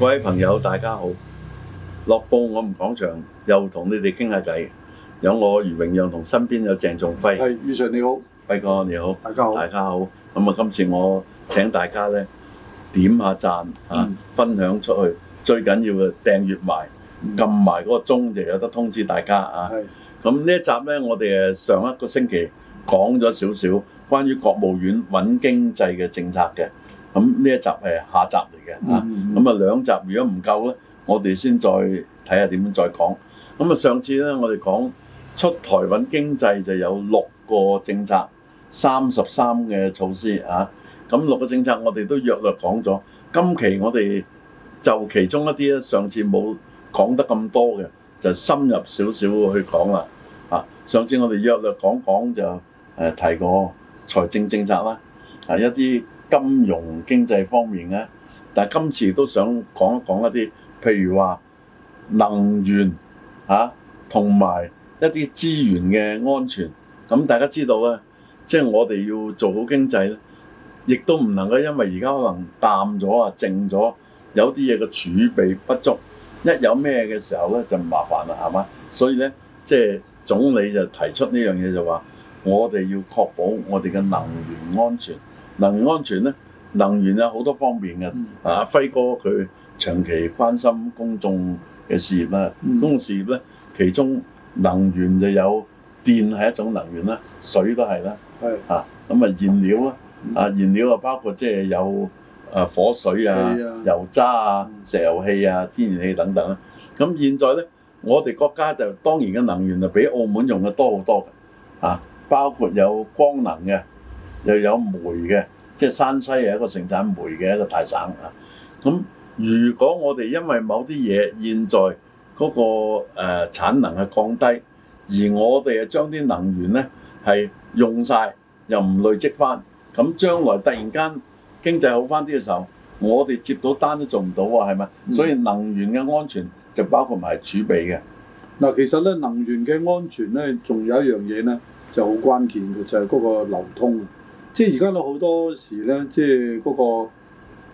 各位朋友，大家好！樂報我們講場又同你哋傾下偈，有我余榮讓同身邊有鄭仲輝。係余 Sir 你好，輝哥你好，大家好，大家好。咁啊，今次我請大家咧點下讚、嗯、啊，分享出去，最緊要嘅訂閱埋，撳埋嗰個鐘就有得通知大家、嗯、啊。咁呢一集咧，我哋上一個星期講咗少少關於國務院穩經濟嘅政策嘅。咁呢一集係下集嚟嘅嚇，咁、嗯、啊、嗯、兩集如果唔夠呢，我哋先再睇下點樣再講。咁啊上次呢，我哋講出台穩經濟就有六個政策，三十三嘅措施啊。咁六個政策我哋都約略講咗。今期我哋就其中一啲，上次冇講得咁多嘅，就深入少少去講啦。啊，上次我哋約略講一講就誒提過財政政策啦，啊一啲。金融經濟方面啊，但係今次都想講一講一啲，譬如話能源啊，同埋一啲資源嘅安全。咁大家知道咧，即係我哋要做好經濟咧，亦都唔能夠因為而家可能淡咗啊、靜咗，有啲嘢嘅儲備不足，一有咩嘅時候咧就麻煩啦，係嘛？所以咧，即係總理就提出呢樣嘢就話我哋要確保我哋嘅能源安全。能源安全咧，能源有好多方面嘅、嗯。啊，輝哥佢長期關心公眾嘅事業啦，公、嗯、眾、那個、事業咧，其中能源就有電係一種能源啦，水都係啦，啊，咁啊燃料、嗯、啊，啊燃料啊包括即係有啊火水啊，啊、油渣啊、石油氣啊、天然氣等等啦。咁現在咧，我哋國家就當然嘅能源就比澳門用得多好多嘅，啊，包括有光能嘅。又有煤嘅，即係山西係一個盛產煤嘅一個大省啊。咁如果我哋因為某啲嘢，現在嗰、那個誒、呃、產能係降低，而我哋啊將啲能源呢係用晒，又唔累積翻，咁將來突然間經濟好翻啲嘅時候，我哋接到單都做唔到啊，係咪、嗯？所以能源嘅安全就包括埋儲備嘅。嗱，其實呢，能源嘅安全呢，仲有一樣嘢呢，就好關鍵嘅就係、是、嗰個流通。即係而家咧好多時咧，即係、那、嗰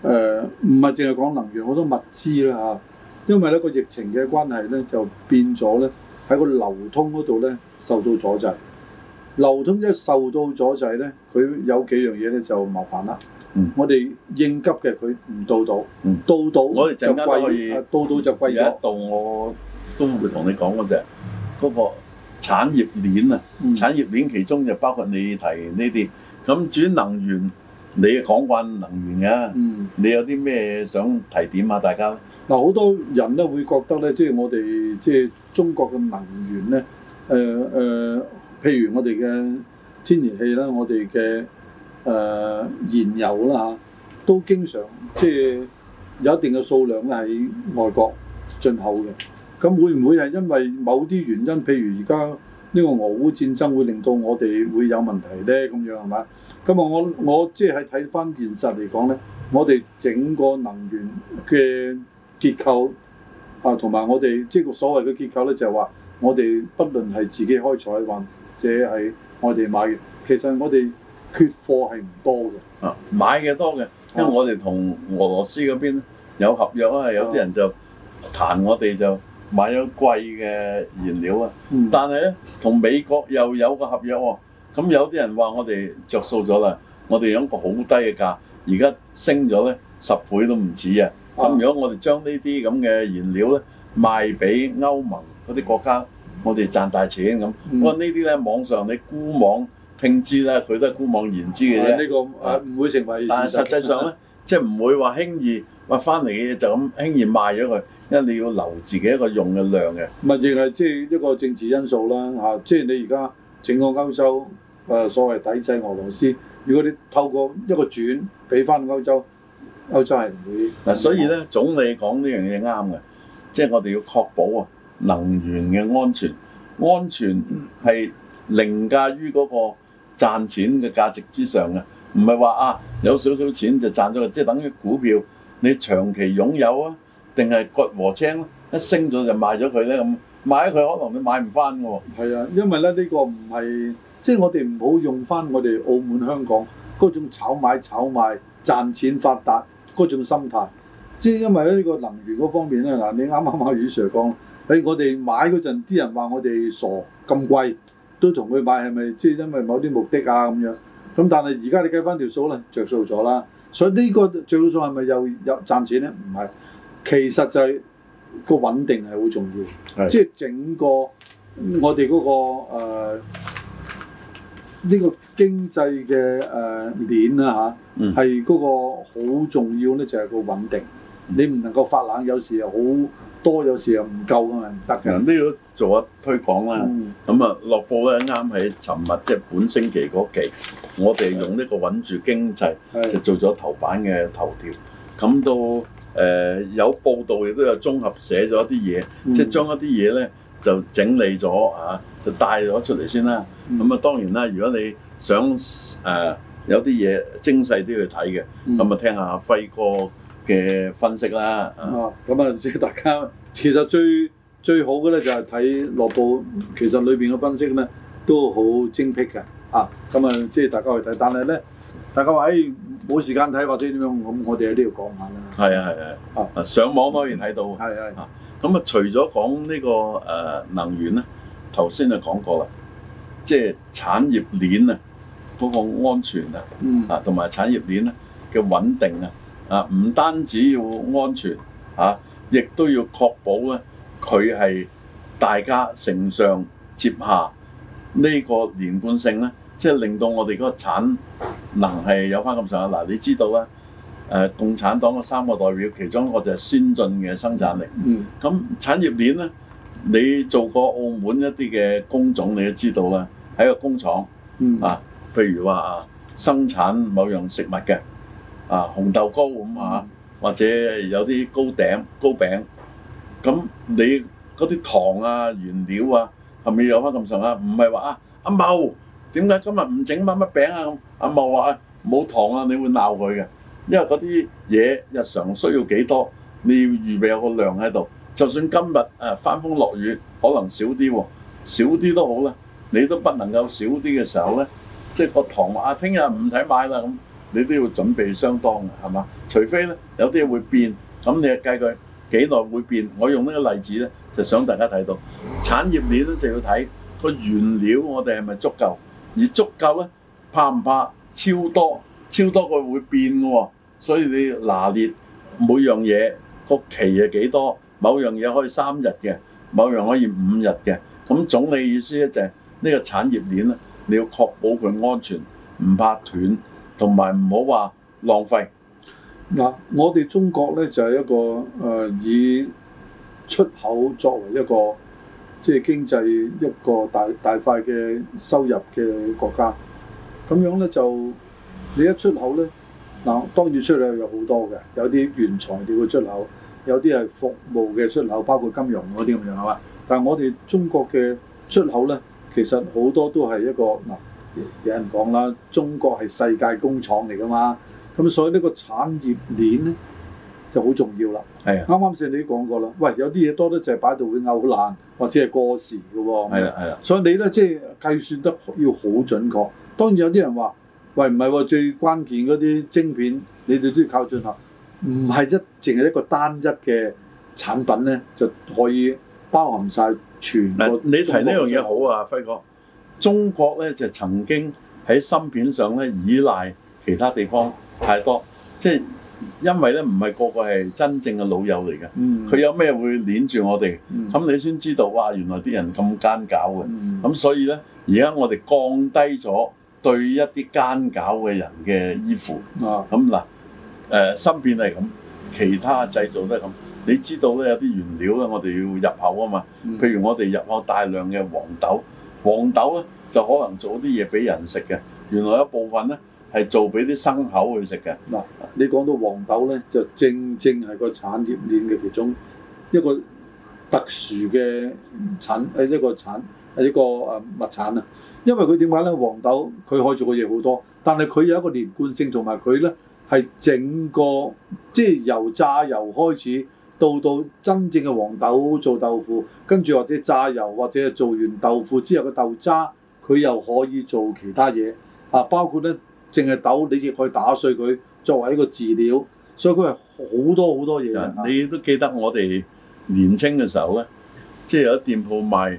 個唔係淨係講能源，好多物資啦嚇。因為咧個疫情嘅關係咧，就變咗咧喺個流通嗰度咧受到阻滯。流通一受到阻滯咧，佢有幾樣嘢咧就麻煩啦、嗯。我哋應急嘅佢唔到到、嗯，到到我哋就貴，到到就貴咗。到我都會同你講嗰隻，嗰、就是、個產業鏈啊、嗯，產業鏈其中就包括你提呢啲。咁至於能源，你講慣能源嘅，嗯，你有啲咩想提點啊？大家嗱，好多人咧會覺得咧，即係我哋即係中國嘅能源咧，誒誒，譬如我哋嘅天然氣啦，我哋嘅誒燃油啦嚇，都經常即係有一定嘅數量喺外國進口嘅。咁會唔會係因為某啲原因，譬如而家，呢個俄烏戰爭會令到我哋會有問題呢？咁樣係嘛？咁啊，我我即係睇翻現實嚟講呢，我哋整個能源嘅結構啊，同埋我哋即係個所謂嘅結構呢，就係話我哋不論係自己開採或者係我哋買，其實我哋缺貨係唔多嘅啊，買嘅多嘅，因為我哋同俄羅斯嗰邊有合約啊，有啲人就彈我哋就買咗貴嘅原料啊，但係咧同美國又有個合約喎，咁有啲人話我哋著數咗啦，我哋有一個好低嘅價，而家升咗咧十倍都唔止啊！咁如果我哋將呢啲咁嘅原料咧賣俾歐盟嗰啲國家，我哋賺大錢咁。不過呢啲咧網上你姑妄聽之咧，佢都係姑妄言之嘅啫。呢個誒唔會成為，但實際上咧即係唔會話輕易話翻嚟嘅嘢就咁輕易賣咗佢。即你要留自己一個用嘅量嘅，咪係亦係即係一個政治因素啦嚇、啊，即係你而家整個歐洲誒、呃、所謂抵制俄羅斯，如果你透過一個轉俾翻歐洲，歐洲係唔會嗱、啊，所以咧總理講呢樣嘢啱嘅，即係我哋要確保啊能源嘅安全，安全係凌駕於嗰個賺錢嘅價值之上嘅，唔係話啊有少少錢就賺咗，即係等於股票你長期擁有啊。定係割禾青一升咗就賣咗佢咧咁，賣咗佢可能你買唔翻喎。係啊，因為咧呢個唔係，即係我哋唔好用翻我哋澳門香港嗰種炒買炒賣賺錢發達嗰種心態。即係因為呢個能源嗰方面咧嗱，你啱啱阿余 Sir 講喺我哋買嗰陣，啲人話我哋傻咁貴都同佢買，係咪即係因為某啲目的啊咁樣？咁但係而家你計翻條數咧，着數咗啦。所以呢個最好數係咪又又賺錢咧？唔係。其實就係、是那個穩定係好重要，是即係整個我哋嗰、那個呢、呃這個經濟嘅誒鏈啊，嚇、呃，係嗰、嗯、個好重要咧，就係、是、個穩定。嗯、你唔能夠發冷，有時又好多，有時又唔夠啊嘛。特強都要做下推廣啦。咁、嗯、啊，落報咧啱喺尋日即係本星期嗰期，我哋用呢個穩住經濟就做咗頭版嘅頭條，咁到。誒、呃、有報道，亦都有綜合寫咗一啲嘢，即、嗯、將、就是、一啲嘢咧就整理咗啊，就帶咗出嚟先啦。咁、嗯、啊，當然啦，如果你想、啊、有啲嘢精細啲去睇嘅，咁、嗯、啊聽下輝哥嘅分析啦。咁啊即係大家其實最最好嘅咧就係睇樂報，其實裏面嘅分析咧都好精辟嘅。啊，咁啊即係大家去睇，但係咧大家話誒冇時間睇或者點樣，咁我哋喺呢度講下啦。係啊係啊，上網當然睇到，係、嗯、啊，咁啊、這個，除咗講呢個誒能源咧，頭先就講過啦，即係產業鏈啊，嗰、那個安全啊，嗯、啊同埋產業鏈咧嘅穩定啊，啊唔單止要安全啊，亦都要確保咧佢係大家承上接下呢個連貫性咧、啊，即係令到我哋嗰個產嗱係有翻咁上啊！嗱，你知道咧，誒共產黨嗰三個代表，其中一個就係先進嘅生產力。嗯。咁產業鏈咧，你做過澳門一啲嘅工種，你都知道啦。喺個工廠，啊，譬如話啊，生產某樣食物嘅，啊紅豆糕咁啊，或者有啲糕餅糕餅，咁你嗰啲糖啊原料啊，係咪有翻咁上啊？唔係話啊阿茂。點解今日唔整乜乜餅啊？阿茂話冇糖啊，你會鬧佢嘅。因為嗰啲嘢日常需要幾多，你要預備有個量喺度。就算今日誒翻風落雨，可能少啲喎，少啲都好啦。你都不能夠少啲嘅時候咧，即係個糖啊，聽日唔使買啦咁，你都要準備相當嘅係嘛？除非咧有啲嘢會變，咁你計佢幾耐會變。我用呢個例子咧，就想大家睇到產業鏈咧就要睇個原料，我哋係咪足夠？而足夠呢，怕唔怕超多？超多佢會變嘅喎、哦，所以你拿捏每樣嘢個期係幾多？某樣嘢可以三日嘅，某樣可以五日嘅。咁總理意思呢、就是，就係呢個產業鏈呢，你要確保佢安全，唔怕斷，同埋唔好話浪費。嗱、啊，我哋中國呢，就係、是、一個誒、呃、以出口作為一個。即係經濟一個大大塊嘅收入嘅國家，咁樣咧就你一出口咧，嗱，當然出口有好多嘅，有啲原材料嘅出口，有啲係服務嘅出口，包括金融嗰啲咁樣係嘛。但係我哋中國嘅出口咧，其實好多都係一個嗱，有人講啦，中國係世界工廠嚟㗎嘛，咁所以呢個產業鏈咧。就好重要啦，係啊，啱啱先你講過啦，喂，有啲嘢多得就係擺喺度會嘔爛，或者係過時嘅喎、哦，係啦係啦，所以你咧即係計算得要好準確。當然有啲人話，喂，唔係喎，最關鍵嗰啲晶片，你哋都要靠進口，唔、嗯、係一淨係一個單一嘅產品咧就可以包含晒全部。你提呢樣嘢好啊，輝哥，中國咧就曾經喺芯片上咧依賴其他地方太多，即係。因為咧唔係個個係真正嘅老友嚟嘅，佢、嗯、有咩會黏住我哋？咁、嗯、你先知道哇！原來啲人咁奸狡嘅，咁、嗯、所以呢，而家我哋降低咗對一啲奸狡嘅人嘅依附。啊、嗯，咁嗱、呃，芯片係咁，其他製造都係咁。你知道咧有啲原料啊，我哋要入口啊嘛、嗯。譬如我哋入口大量嘅黃豆，黃豆呢就可能做啲嘢俾人食嘅。原來有一部分呢。係做俾啲牲口去食嘅嗱，你講到黃豆咧，就正正係個產業鏈嘅其中一個特殊嘅產，誒一個產，一個誒物產！因為佢點解咧？黃豆佢可以做嘅嘢好多，但係佢有一個連貫性，同埋佢咧係整個即係由榨油開始，到到真正嘅黃豆做豆腐，跟住或者榨油或者做完豆腐之後嘅豆渣，佢又可以做其他嘢啊！包括咧。淨係豆，你至可以打碎佢作為一個飼料，所以佢係好多好多嘢，啊。你都記得我哋年青嘅時候咧，即係有啲店鋪賣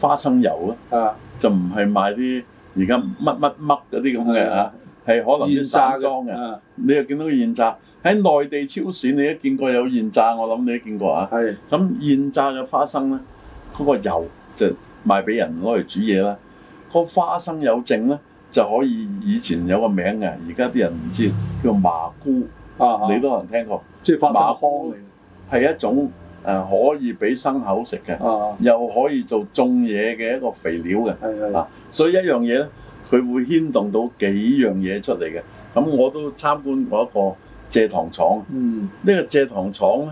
花生油咯，啊，就唔係賣啲而家乜乜乜嗰啲咁嘅嚇，係可能現榨嘅。你又見到個現榨喺內地超市，你都見過有現榨，我諗你都見過啊。係咁，現榨嘅花生咧，嗰個油就賣俾人攞嚟煮嘢啦。個花生油剩咧。就可以，以前有個名嘅，而家啲人唔知叫麻菇，啊、你都可能聽過，即係花生糠係一種誒可以俾牲口食嘅、啊，又可以做種嘢嘅一個肥料嘅，啊，所以一樣嘢咧，佢會牽動到幾樣嘢出嚟嘅。咁我都參觀過一個蔗糖廠，呢、嗯這個蔗糖廠咧，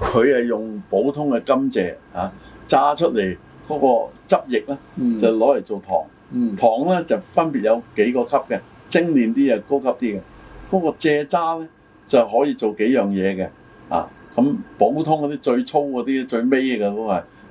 佢係用普通嘅甘蔗啊，榨出嚟嗰個汁液咧，就攞嚟做糖。嗯嗯、糖咧就分別有幾個級嘅，精煉啲啊高級啲嘅。嗰個蔗渣咧就可以做幾樣嘢嘅啊。咁普通嗰啲最粗嗰啲最尾嘅嗰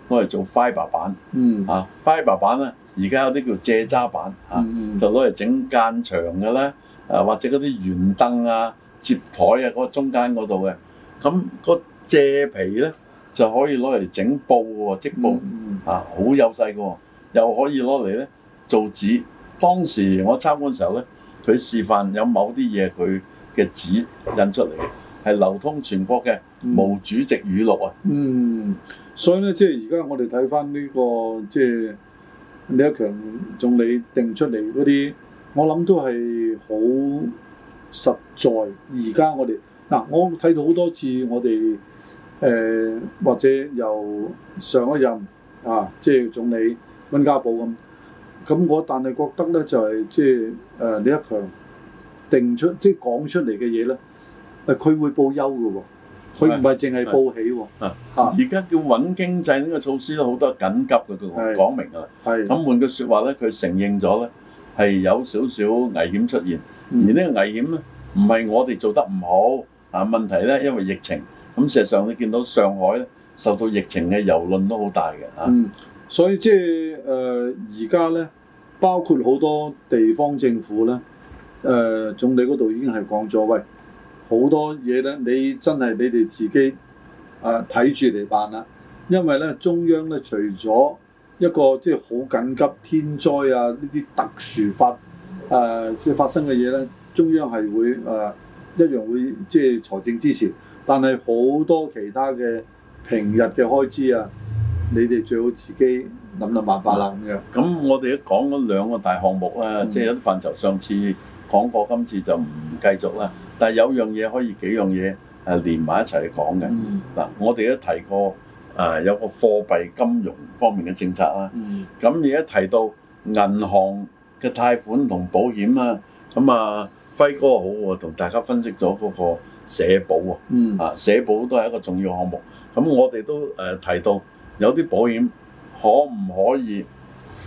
個，攞嚟做 fibre 板、啊。嗯啊，fibre 板咧，而家有啲叫蔗渣板啊，嗯、就攞嚟整間牆嘅啦。誒、啊、或者嗰啲圓凳啊、折台啊嗰、嗰個中間嗰度嘅。咁嗰蔗皮咧就可以攞嚟整布喎，織布、嗯、啊，好有勢嘅喎，又可以攞嚟咧。做紙，當時我參觀嘅時候咧，佢示範有某啲嘢佢嘅紙印出嚟嘅，係流通全國嘅毛主席語錄啊。嗯，嗯所以咧即係而家我哋睇返呢個即係、就是、李克強總理定出嚟嗰啲，我諗都係好實在。而家我哋嗱、啊，我睇到好多次我哋誒、呃、或者由上一任啊，即、就、係、是、總理溫家寶咁。咁我但係覺得咧，就係即係誒李克強定出即係講出嚟嘅嘢咧，誒佢會報憂嘅喎，佢唔係淨係報喜喎。啊，而家叫穩經濟呢個措施咧，好多緊急嘅，佢講明㗎啦。係咁換句説話咧，佢承認咗咧係有少少危險出現，而呢個危險咧唔係我哋做得唔好，啊問題咧因為疫情。咁事實上你見到上海咧受到疫情嘅輿論都好大嘅。嗯，所以即係誒而家咧。包括好多地方政府咧，誒、呃、總理嗰度已經係講咗，喂，好多嘢咧，你真係你哋自己誒睇住嚟辦啦、啊，因為咧中央咧除咗一個即係好緊急天災啊呢啲特殊發誒即係發生嘅嘢咧，中央係會誒、呃、一樣會即係、就是、財政支持，但係好多其他嘅平日嘅開支啊。你哋最好自己諗諗辦法啦，咁樣。咁我哋都講咗兩個大項目咧，即係有啲範疇，就是、範疇上次講過，今次就唔繼續啦。但係有樣嘢可以幾樣嘢誒連埋一齊去講嘅。嗱、嗯，我哋都提過誒、呃、有個貨幣金融方面嘅政策啦。咁而家提到銀行嘅貸款同保險啊，咁啊輝哥好喎，同大家分析咗嗰個社保喎、嗯。啊，社保都係一個重要項目。咁我哋都誒、呃、提到。有啲保險可唔可以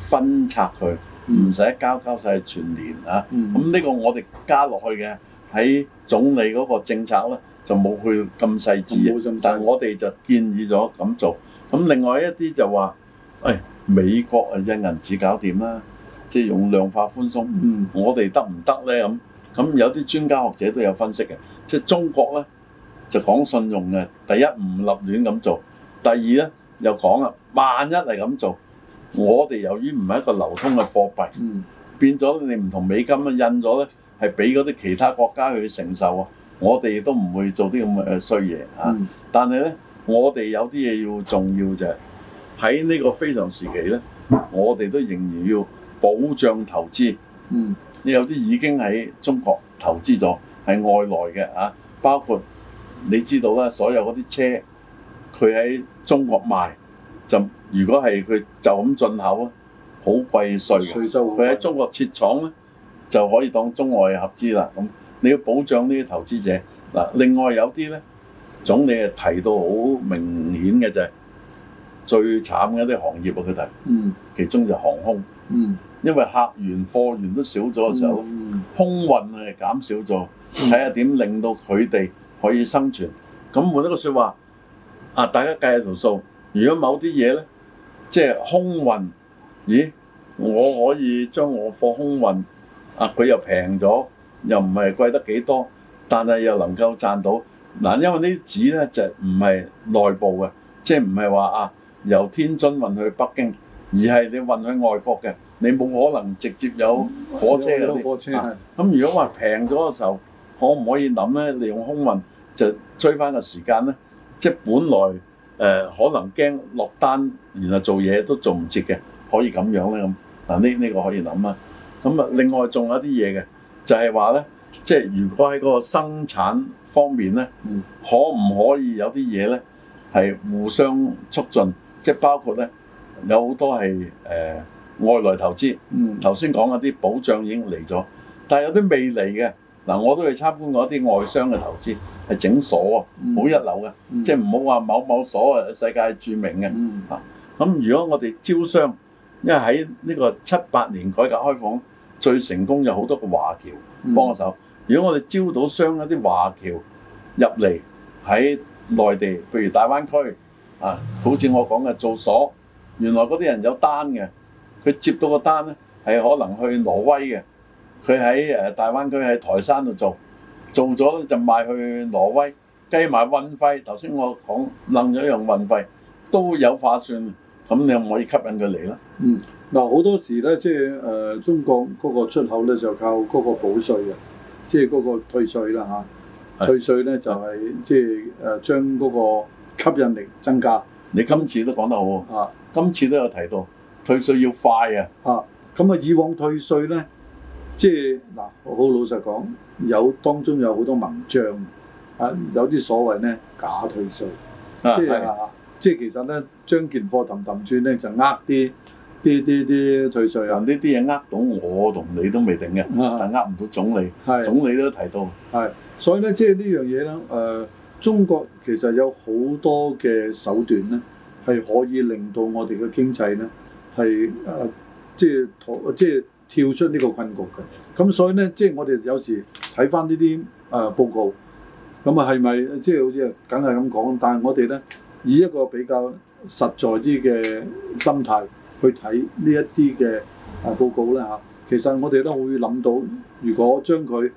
分拆佢，唔、嗯、使交交晒全年、嗯、啊？咁、這、呢個我哋加落去嘅喺總理嗰個政策咧，就冇去咁細緻。但係我哋就建議咗咁做。咁另外一啲就話：，誒、哎、美國啊印銀紙搞掂啦，即係用量化寬鬆、嗯。我哋得唔得咧？咁咁有啲專家學者都有分析嘅，即係中國咧就講信用嘅。第一唔立亂咁做，第二咧。又講啦，萬一係咁做，我哋由於唔係一個流通嘅貨幣，變咗你唔同美金啊印咗呢係俾嗰啲其他國家去承受啊！我哋都唔會做啲咁嘅衰嘢啊。但係呢，我哋有啲嘢要重要就係喺呢個非常時期呢，我哋都仍然要保障投資。嗯，你有啲已經喺中國投資咗，係外來嘅啊，包括你知道啦，所有嗰啲車。佢喺中國賣就，如果係佢就咁進口啊，好貴稅嘅。佢喺中國設廠咧，就可以當中外合資啦。咁你要保障呢啲投資者嗱。另外有啲咧，總理啊提到好明顯嘅就係、是、最慘嘅一啲行業啊，佢提，嗯，其中就航空，嗯，因為客源貨源都少咗嘅時候，嗯、空運係減少咗，睇下點令到佢哋可以生存。咁、嗯、換一個說話。啊！大家計下條數，如果某啲嘢咧，即係空運，咦？我可以將我貨空運，啊，佢又平咗，又唔係貴得幾多，但係又能夠賺到嗱。因為呢啲紙咧就唔係內部嘅，即係唔係話啊由天津運去北京，而係你運去外國嘅，你冇可能直接有火車嗰啲。咁如果話平咗嘅時候，可唔可以諗咧？利用空運就追翻個時間咧？即係本來誒、呃、可能驚落單，然後做嘢都做唔切嘅，可以咁樣咧。咁，嗱，呢，呢個可以諗啊。咁啊，另外仲有啲嘢嘅，就係話咧，即係如果喺嗰個生產方面咧，可唔可以有啲嘢咧係互相促進？即係包括咧有好多係誒、呃、外來投資，嗯，頭先講嗰啲保障已經嚟咗，但係有啲未嚟嘅。嗱，我都去參觀過一啲外商嘅投資，係整鎖啊，好一流嘅，即係唔好話某某鎖世界是著名嘅、嗯。啊，咁如果我哋招商，因為喺呢個七八年改革開放最成功，有好多個華僑幫我手、嗯。如果我哋招到商一啲華僑入嚟喺內地，譬如大灣區，啊，好似我講嘅做鎖，原來嗰啲人有單嘅，佢接到個單咧，係可能去挪威嘅。佢喺誒大灣區喺台山度做，做咗就賣去挪威，計埋運費。頭先我講掕咗一樣運費都有化算，咁你唔可，可以吸引佢嚟啦。嗯，嗱好多時咧，即係誒中國嗰個出口咧就靠嗰個補稅嘅，即係嗰個退稅啦嚇、啊。退稅咧就係即係誒將嗰個吸引力增加。你今次都講得好啊，今次都有提到退稅要快啊。啊，咁啊以往退稅咧。即係嗱，好老實講，有當中有好多文章些啊，有啲所謂咧假退稅，即係即係其實咧將件貨氹氹轉咧就呃啲啲啲啲退稅啊，呢啲嘢呃到我同你都未定嘅、啊，但呃唔到總理，總理都提到。係，所以咧即係呢樣嘢咧，誒、呃、中國其實有好多嘅手段咧，係可以令到我哋嘅經濟咧係誒即係妥即係。跳出呢個困局嘅，咁所以呢，即係我哋有時睇翻呢啲誒報告，咁啊係咪即係好似梗係咁講？但係我哋呢，以一個比較實在啲嘅心態去睇呢一啲嘅誒報告呢。嚇，其實我哋都會諗到，如果將佢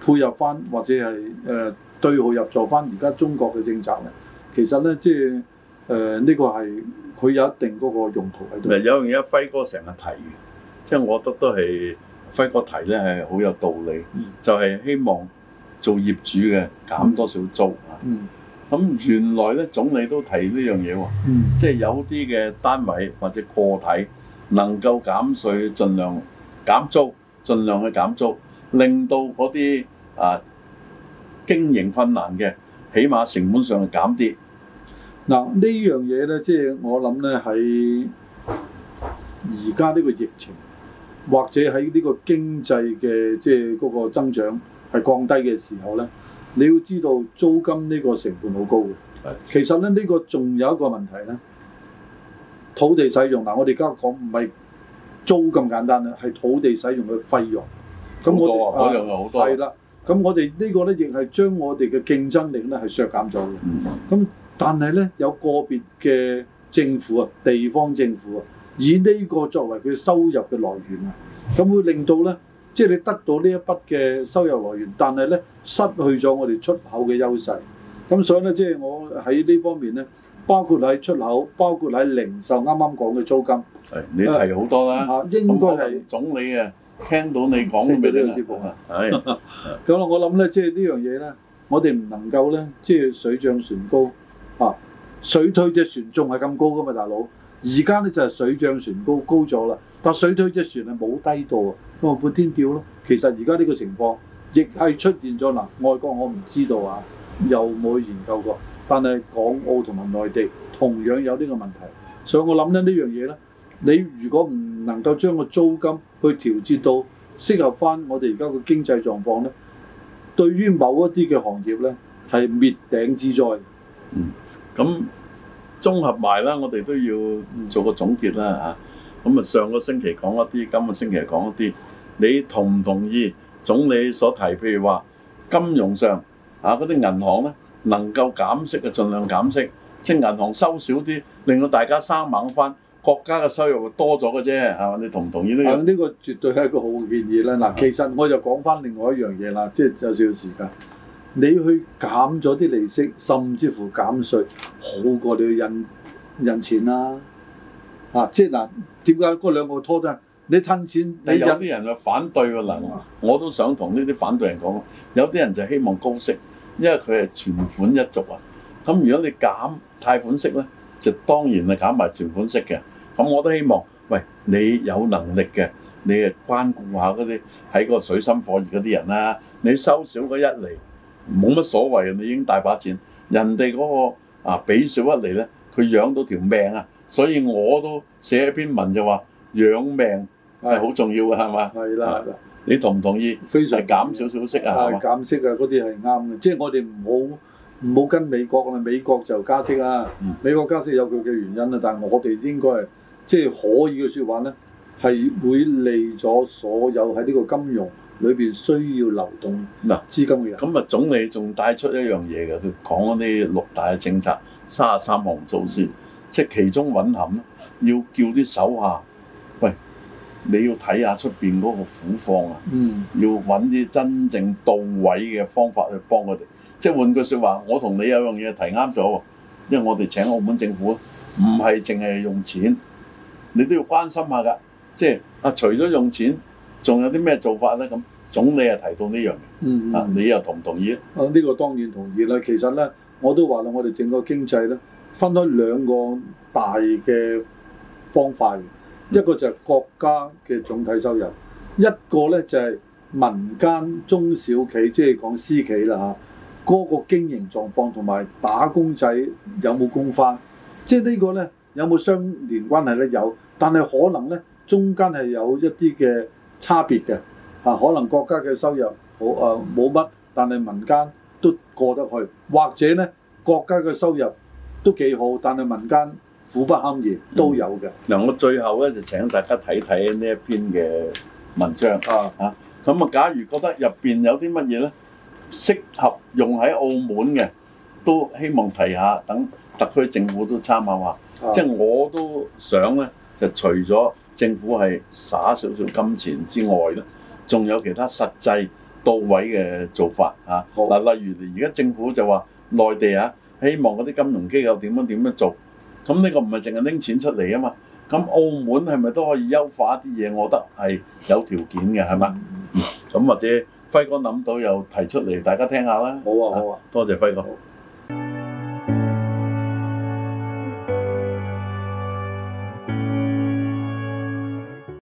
配合翻或者係誒、呃、對號入座翻而家中國嘅政策咧，其實呢，即係誒呢個係佢有一定嗰個用途喺度。有樣嘢輝哥成日提。即係我覺得都係輝哥提咧係好有道理，嗯、就係、是、希望做業主嘅減多少租啊！咁、嗯嗯、原來咧、嗯、總理都提呢樣嘢喎，即、嗯、係、嗯就是、有啲嘅單位或者個體能夠減稅，儘量減租，儘量去減租，令到嗰啲啊經營困難嘅起碼成本上係減啲。嗱、嗯、呢樣嘢咧，即、就、係、是、我諗咧喺而家呢個疫情。或者喺呢個經濟嘅即係嗰個增長係降低嘅時候咧，你要知道租金呢個成本好高嘅。其實咧呢、呢個仲有一個問題咧，土地使用嗱，我哋而家講唔係租咁簡單啦，係土地使用嘅費用。咁我係啦，咁、啊、我哋呢個咧亦係將我哋嘅競爭力咧係削減咗嘅。咁、嗯、但係咧有個別嘅政府啊，地方政府啊。以呢個作為佢收入嘅來源啊，咁會令到咧，即係你得到呢一筆嘅收入來源，但係咧失去咗我哋出口嘅優勢。咁所以咧，即係我喺呢方面咧，包括喺出口，包括喺零售，啱啱講嘅租金係你提好多啦嚇、啊，應該係總理啊聽到你講，聽到呢個師傅啊，係咁啊， 我諗咧，即係呢樣嘢咧，我哋唔能夠咧，即係水漲船高啊，水退隻船仲係咁高噶嘛，大佬。而家咧就係水漲船高高咗啦，但水推隻船係冇低到啊，咁啊半天吊咯。其實而家呢個情況亦係出現咗啦，外國我唔知道啊，又冇研究過，但係港澳同埋內地同樣有呢個問題，所以我諗咧呢樣嘢咧，你如果唔能夠將個租金去調節到適合翻我哋而家嘅經濟狀況咧，對於某一啲嘅行業咧係滅頂之災。咁、嗯。嗯嗯綜合埋啦，我哋都要做個總結啦嚇。咁啊，上個星期講一啲，今個星期講一啲。你同唔同意總理所提？譬如話金融上啊，嗰啲銀行咧能夠減息嘅，儘量減息，即係銀行收少啲，令到大家生猛翻，國家嘅收入會多咗嘅啫。係嘛？你同唔同意呢樣？呢個絕對係一個好嘅建議啦。嗱，其實我就講翻另外一樣嘢啦，即係有少少時間。你去減咗啲利息，甚至乎減稅，好過你去印印錢啦、啊。啊，即係嗱，點解嗰兩個拖得？你吞錢，你有啲人就反對㗎啦、啊。我都想同呢啲反對人講，有啲人就希望高息，因為佢係存款一族啊。咁如果你減貸款息咧，就當然係減埋存款息嘅。咁我都希望，喂，你有能力嘅，你係關顧下嗰啲喺個水深火熱嗰啲人啦、啊。你收少嗰一厘。冇乜所謂，你已經大把錢。人哋嗰、那個啊俾少一嚟咧，佢養到條命啊，所以我都寫一篇文就話養命係好重要嘅，係嘛？係啦，你同唔同意？非常係減、就是、少少息啊？減息啊，嗰啲係啱嘅。即係我哋唔好唔好跟美國啦，美國就加息啦、嗯。美國加息有佢嘅原因啦，但係我哋應該係即係可以嘅説話咧，係會利咗所有喺呢個金融。裏邊需要流動嗱資金嘅，咁啊總理仲帶出一樣嘢嘅，佢講嗰啲六大嘅政策，三十三項措施，嗯、即係其中蘊含要叫啲手下，喂，你要睇下出邊嗰個苦況啊、嗯，要揾啲真正到位嘅方法去幫佢哋，即係換句説話，我同你有樣嘢提啱咗喎，因為我哋請澳門政府，唔係淨係用錢，你都要關心下㗎，即係啊除咗用錢，仲有啲咩做法咧咁？總理又提到呢樣嘢，啊、嗯嗯，你又同唔同意啊？呢、這個當然同意啦。其實咧，我都話啦，我哋整個經濟咧分開兩個大嘅方塊，一個就係國家嘅總體收入，嗯、一個咧就係、是、民間中小企，即係講私企啦嚇。嗰、啊那個經營狀況同埋打工仔有冇工返，即係呢個咧有冇相連關係咧有，但係可能咧中間係有一啲嘅差別嘅。啊，可能國家嘅收入好，誒，冇乜，但係民間都過得去；或者咧國家嘅收入都幾好，但係民間苦不堪言都有嘅。嗱、嗯，我最後呢，就請大家睇睇呢一篇嘅文章啊嚇。咁啊，啊假如覺得入邊有啲乜嘢呢，適合用喺澳門嘅，都希望提一下，等特區政府都參考下。即、啊、係、就係、我都想呢，就除咗政府係撒少少金錢之外咧。仲有其他實際到位嘅做法嚇，嗱，例如而家政府就話內地啊，希望嗰啲金融機構點樣點樣做，咁呢個唔係淨係拎錢出嚟啊嘛，咁澳門係咪都可以優化啲嘢？我覺得係有條件嘅，係嘛，咁 或者輝哥諗到又提出嚟，大家聽下啦。好啊好啊，多謝輝哥。